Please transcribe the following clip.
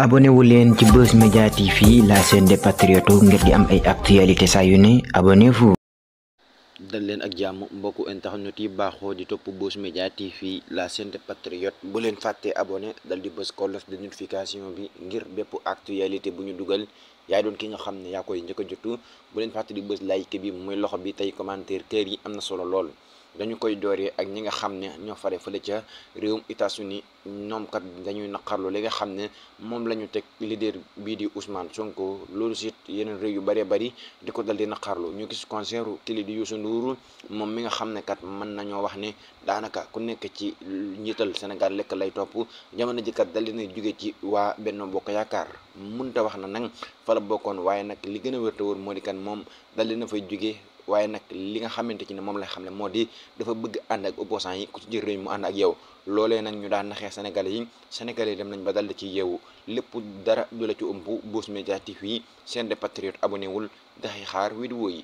abonné wu leen ci Buzz Media TV la chaîne des patriotes ngir di am ay actualité saa yu ne abonnez-vous. dal leen ak jàmm mbokku internet yi baaxoo di topp Buzz Media TV la chaîne des patriotes bu leen fàttee abonné dal di bës cloche de notification bi ngir bépp actualité bu ñu dugal yaay doon ki nga xam ne yaa koy njëkk a jotu bu leen fàtte di bës like bi mooy loxo bi tey commentaire kër yi am na solo lool. dañu koy dooree ak ñi nga xam ne ñoo fare fële ca réewum États-Unis ñoom kat dañuy naqarlu li nga xam ne moom la ñu teg leader bii di Ousmane Sonko loolu sit yeneen réew yu bëree bari di ko dal di naqarlu ñu gis concert kili di Youssou Ndour moom mi nga xam ne kat mën nañoo wax ne daanaka ku nekk ci njiital Sénégal lekk lay topp jamono ji kat dal di na jóge ci waa Benno Bokk Yaakaar mënta wax na nag fa la bokkoon waaye nag li gën a wér te moo di kan moom dal di na fay jóge waaye nag li nga xamante ci ne moom la xam ne moo di dafa bëgg ànd ak opposant yi ku ci jël réew mu ànd ak yow loolee nag ñu daan naxee sénégalais yi sénégal yi dem nañ ba dal ci yeewu lépp dara du la ci ëmb bourse médiatique yi seen de patriote abonewul wul daxi xaar vidéo yi